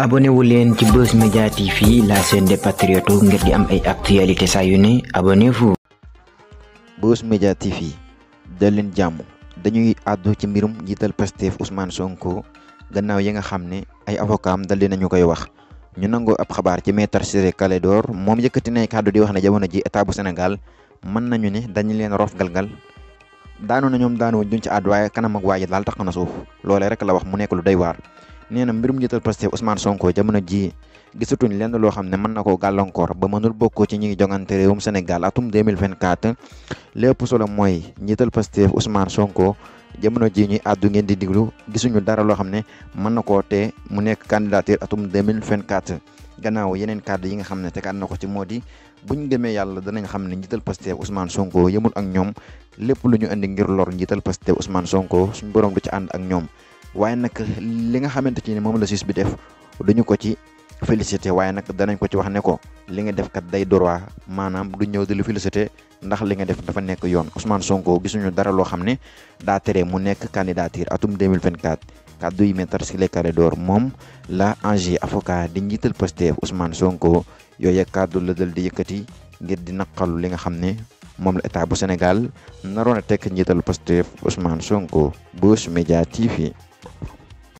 abonné leen ci Buzz Media TV la chaîne des patriotes ngir di am ay actualité saa yu ne abonnez-vous. Buzz Media TV dal leen jàmm dañuy àddu ci mbirum njiital Pastef Ousmane Sonko gannaaw yi nga xam ne ay avocat am dal nañu koy wax. ñu nangoo ab xabaar ci Maître Ciré Clédor moom yëkkati nay kàddu di wax ne jamono ji état bu Sénégal mën nañu ni dañu leen rof galgal daanu na ñoom daanu duñ ci àddu waaye kanam ak waaye daal tax na suuf loole rek la wax mu lu doy waar. nee na mbirum njiital Pastef Ousmane Sonko jamono ji gisatuñ lenn loo xam ne mën na koo gàllankoor ba mënul bokkoo ci ñi ngi jongante réewum Sénégal atum 2024 lépp solo mooy njiital Pastef Ousmane Sonko jamono ji ñuy àddu ngeen di diglu gisuñu dara loo xam ne mën na koo tee mu nekk candidature atum 2024 gannaaw yeneen kàddu yi nga ne tegaat na ko ci moo di buñ demee yàlla danañ xam ne njiital Pastef Ousmane Sonko yemul ak ñoom lépp lu ñu indi ngir lor njiital Pastef Ousmane Sonko suñu borom du ci ànd ak ñoom waaye nag li nga xamante ci ne moom la sis bi def duñu ko ci félicité waaye nag danañ ko ci wax ne ko li nga def kat day droit maanaam du ñëw di lu félicité ndax li nga def dafa nekk yoon Ousmane Sonko gisuñu dara loo xam ne daa tere mu nekk candidature atum 2024 kàddu yi Maître Ciré door moom la Angie avocat di njiital au Ousmane Sonko yooyu kàddu la dal di yëkkati ngir di naqalu li nga xam ne moom la état bu Sénégal naroon a tekk njiital Pastef Ousmane Sonko Buzz Media TV